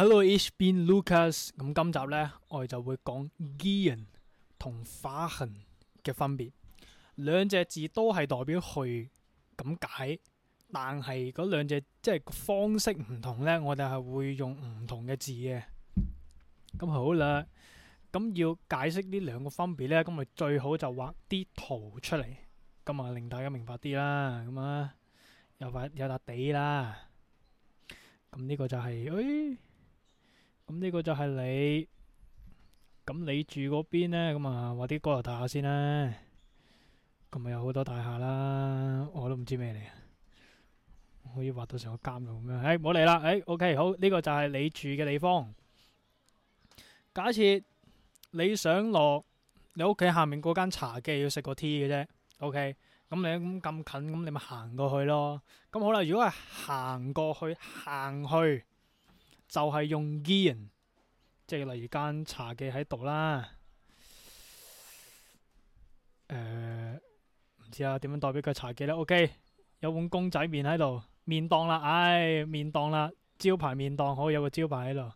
Hello, It's been Lucas。咁今集咧，我哋就會講 gehen 同 fahren 嘅分別。兩隻字都係代表去咁解，但係嗰兩隻即係方式唔同咧，我哋係會用唔同嘅字嘅。咁好啦，咁要解釋呢兩個分別咧，咁咪最好就畫啲圖出嚟，咁啊令大家明白啲啦。咁啊，有塊有笪地啦。咁呢個就係誒。咁呢個就係你，咁你住嗰邊呢？咁啊畫啲高樓大廈先啦，咁咪有好多大廈啦，我都唔知咩嚟啊，可以畫到成個監獄咁樣，誒唔好理啦，誒、哎、OK 好，呢、這個就係你住嘅地方。假設你想落你屋企下面嗰間茶記要食個 tea 嘅啫，OK，咁你咁咁近，咁你咪行過去咯，咁好啦，如果係行過去行去。就係用 g e a n 即係例如間茶記喺度啦。誒、呃、唔知啊，點樣代表佢茶記咧？OK，有碗公仔麪喺度，麵檔啦，唉、哎，麵檔啦，招牌麵檔，好，有個招牌喺度，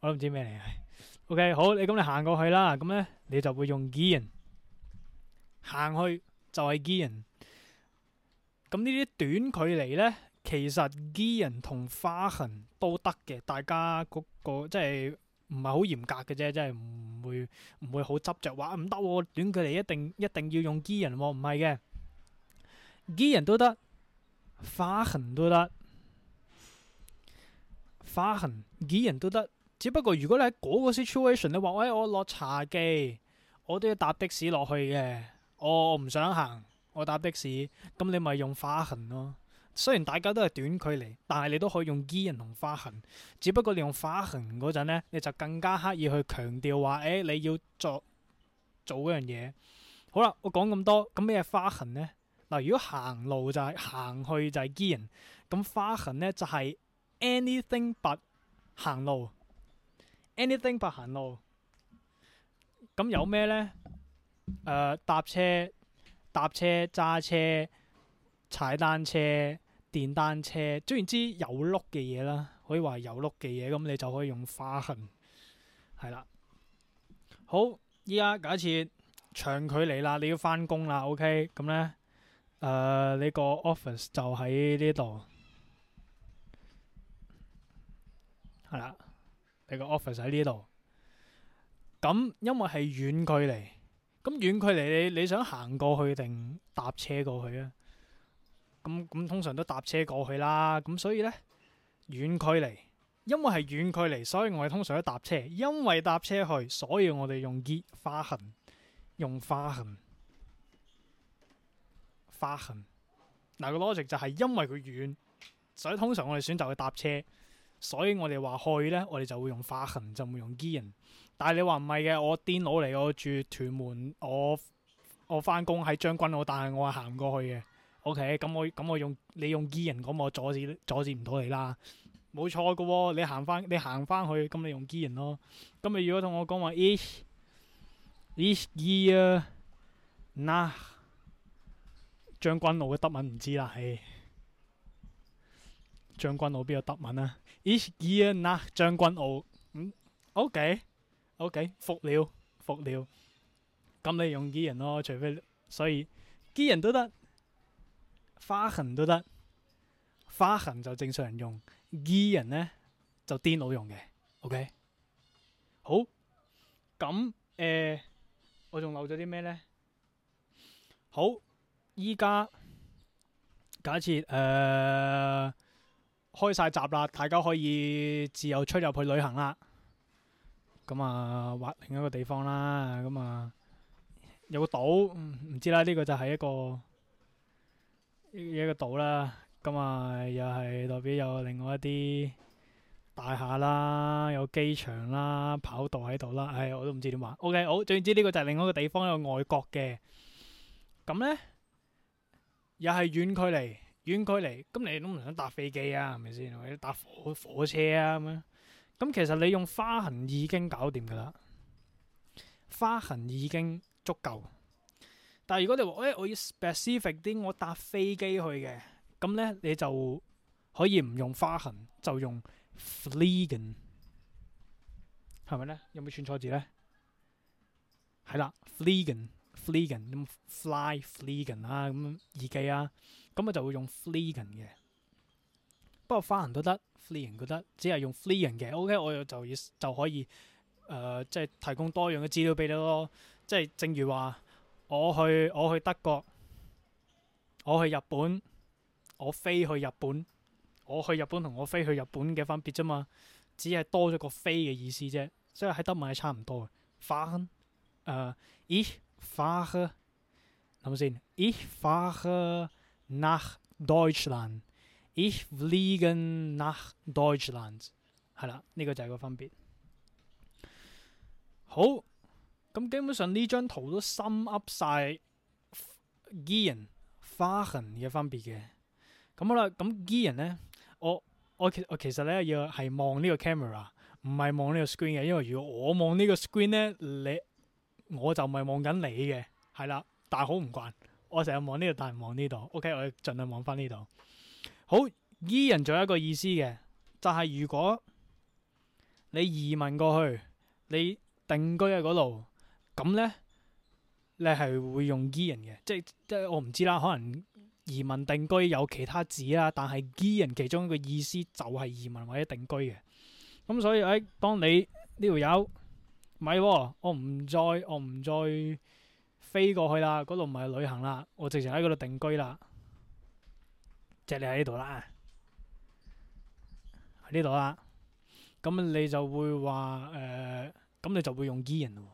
我都唔知咩嚟。OK，好，你咁你行過去啦，咁咧你就會用 g e a n 行去，就係 g e a n 咁呢啲短距離咧？其實機人同花痕都得嘅，大家嗰、那個即係唔係好嚴格嘅啫，即係唔會唔會好執着話唔得短距離，佢哋一定一定要用機人喎，唔係嘅機人都得，花痕、ah、都得，花痕機人都得。只不過如果你喺嗰個 situation，你話喂、哎、我落茶記，我都要搭的士落去嘅，我唔想行，我搭的士，咁你咪用花痕、ah、咯。雖然大家都係短距離，但係你都可以用 gehen 同 fahren。只不過你用 fahren 嗰陣咧，你就更加刻意去強調話，誒、哎，你要做做樣嘢。好啦，我講咁多，咁咩 fahren 咧？嗱，如果行路就係、是、行去就係 gehen，咁 fahren 咧就係、是、anything but 行路，anything but 行路。咁有咩咧？誒、呃，搭車、搭車、揸車、踩單車。電單車，雖然知有碌嘅嘢啦，可以話有碌嘅嘢，咁你就可以用花痕，係啦。好，依家假設長距離啦，你要翻工啦，OK，咁、嗯、咧，誒、呃，你個 office 就喺呢度，係啦，你個 office 喺呢度。咁、嗯、因為係遠距離，咁遠距離你你想行過去定搭車過去啊？咁咁通常都搭車過去啦，咁所以呢，遠距離，因為係遠距離，所以我哋通常都搭車。因為搭車去，所以我哋用花痕，用花痕。花痕，嗱個 logic 就係因為佢遠，所以通常我哋選擇去搭車，所以我哋話去呢，我哋就會用花痕，就唔會用 g i，但係你話唔係嘅，我電腦嚟，我住屯門，我我翻工喺將軍澳，但係我係行過去嘅。O.K. 咁我咁我用你用 G 人，咁我阻止阻止唔到你啦。冇錯噶，你行翻你行翻去，咁你用 G 人咯。咁你如果同我講話 each each year，嗱將軍澳嘅德文唔知啦。係將軍澳邊有德文啊？each year，嗱將軍澳。嗯，O.K. O.K. 服了服了。咁你用 G 人咯，除非所以 G 人都得。花痕都得，花痕就正常人用，伊人呢，就電腦用嘅，OK。好，咁誒、呃，我仲漏咗啲咩呢？好，依家假設誒、呃、開晒閘啦，大家可以自由出入去旅行啦。咁啊，畫另一個地方啦，咁啊，有個島，唔知啦，呢、這個就係一個。一個島啦，咁啊又係代表有另外一啲大廈啦，有機場啦，跑道喺度啦，唉我都唔知點玩。OK，好，總之呢個就係另外一個地方，有外國嘅，咁呢又係遠距離，遠距離，咁你都唔想搭飛機啊，係咪先？或者搭火火車啊咁樣？咁其實你用花痕已經搞掂噶啦，花痕已經足夠。但如果你話，誒、哎，我要 specific 啲，我搭飛機去嘅，咁咧，你就可以唔用花行，就用 fliegen，係咪咧？有冇串錯字咧？係啦，fliegen，fliegen，咁 fly，fliegen 啊咁易記啊，咁、嗯、我、啊、就會用 fliegen 嘅。不過花行都得，fliegen 都得，只係用 fliegen 嘅。OK，我又就已就可以，誒、呃，即係提供多樣嘅資料俾你咯。即係正如話。我去我去德國，我去日本，我飛去日本，我去日本同我飛去日本嘅分別啫嘛，只係多咗個飛嘅意思啫，即係喺德文係差唔多嘅。far，誒、呃、ich，far，諗住先 ich fahre nach Deutschland ich fliegen nach Deutschland 係啦，呢、呢個就係個分別。好。咁基本上呢張圖都 sum up 晒，伊人花痕嘅分別嘅，咁好啦。咁伊人咧，我我，我其實咧要係望呢個 camera，唔係望呢個 screen 嘅，因為如果我望呢個 screen 咧，你我就唔係望緊你嘅，係啦。但係好唔慣，我成日望呢度但係望呢度。OK，我盡量望翻呢度。好，伊人仲有一個意思嘅，就係、是、如果你移民過去，你定居喺嗰度。咁咧，你係會用 E 人嘅，即即我唔知啦，可能移民定居有其他字啦，但係 E 人其中一個意思就係移民或者定居嘅。咁、嗯、所以喺、哎、當你呢條友咪，我唔再我唔再飛過去啦，嗰度唔係旅行啦，我直情喺嗰度定居啦，借、即係、你喺呢度啦，喺呢度啦，咁你就會話誒，咁、呃、你就會用 E 人喎。